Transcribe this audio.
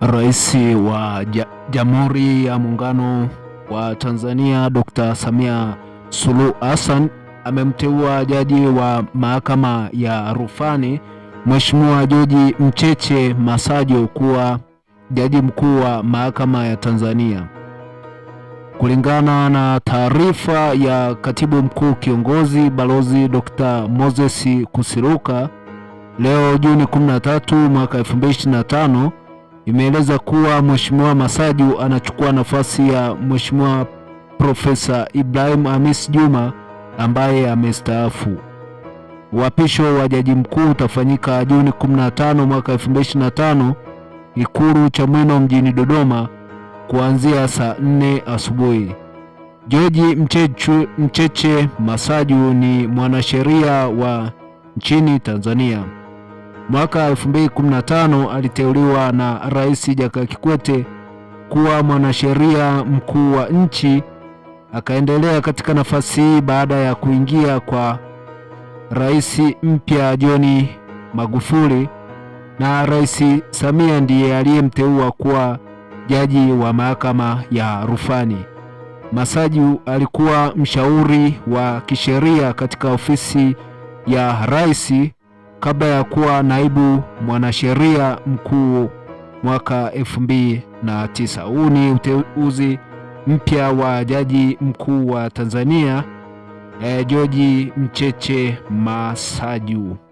Rais wa Jamhuri ya Muungano wa Tanzania Dr. Samia Suluhu Hassan amemteua jaji wa mahakama ya rufani Mheshimiwa George Mcheche Masajo kuwa jaji mkuu wa mahakama ya Tanzania. Kulingana na taarifa ya katibu mkuu kiongozi Balozi Dr. Moses kusiruka leo Juni 13 mwaka 2025 imeeleza kuwa Mheshimiwa Masaju anachukua nafasi ya Mheshimiwa Profesa Ibrahim Hamis Juma ambaye amestaafu. Uapisho wa jaji mkuu utafanyika Juni 15 mwaka 2025 Ikulu Chamwino mjini Dodoma kuanzia saa 4 asubuhi. George Mcheche Masaju ni mwanasheria wa nchini Tanzania. Mwaka 2015 aliteuliwa na Rais Jakaya Kikwete kuwa mwanasheria mkuu wa nchi. Akaendelea katika nafasi hii baada ya kuingia kwa rais mpya John Magufuli, na Rais Samia ndiye aliyemteua kuwa jaji wa mahakama ya rufani. Masaju alikuwa mshauri wa kisheria katika ofisi ya rais kabla ya kuwa naibu mwanasheria mkuu mwaka 2009. Huu ni uteuzi mpya wa jaji mkuu wa Tanzania, eh, George Mcheche Masaju.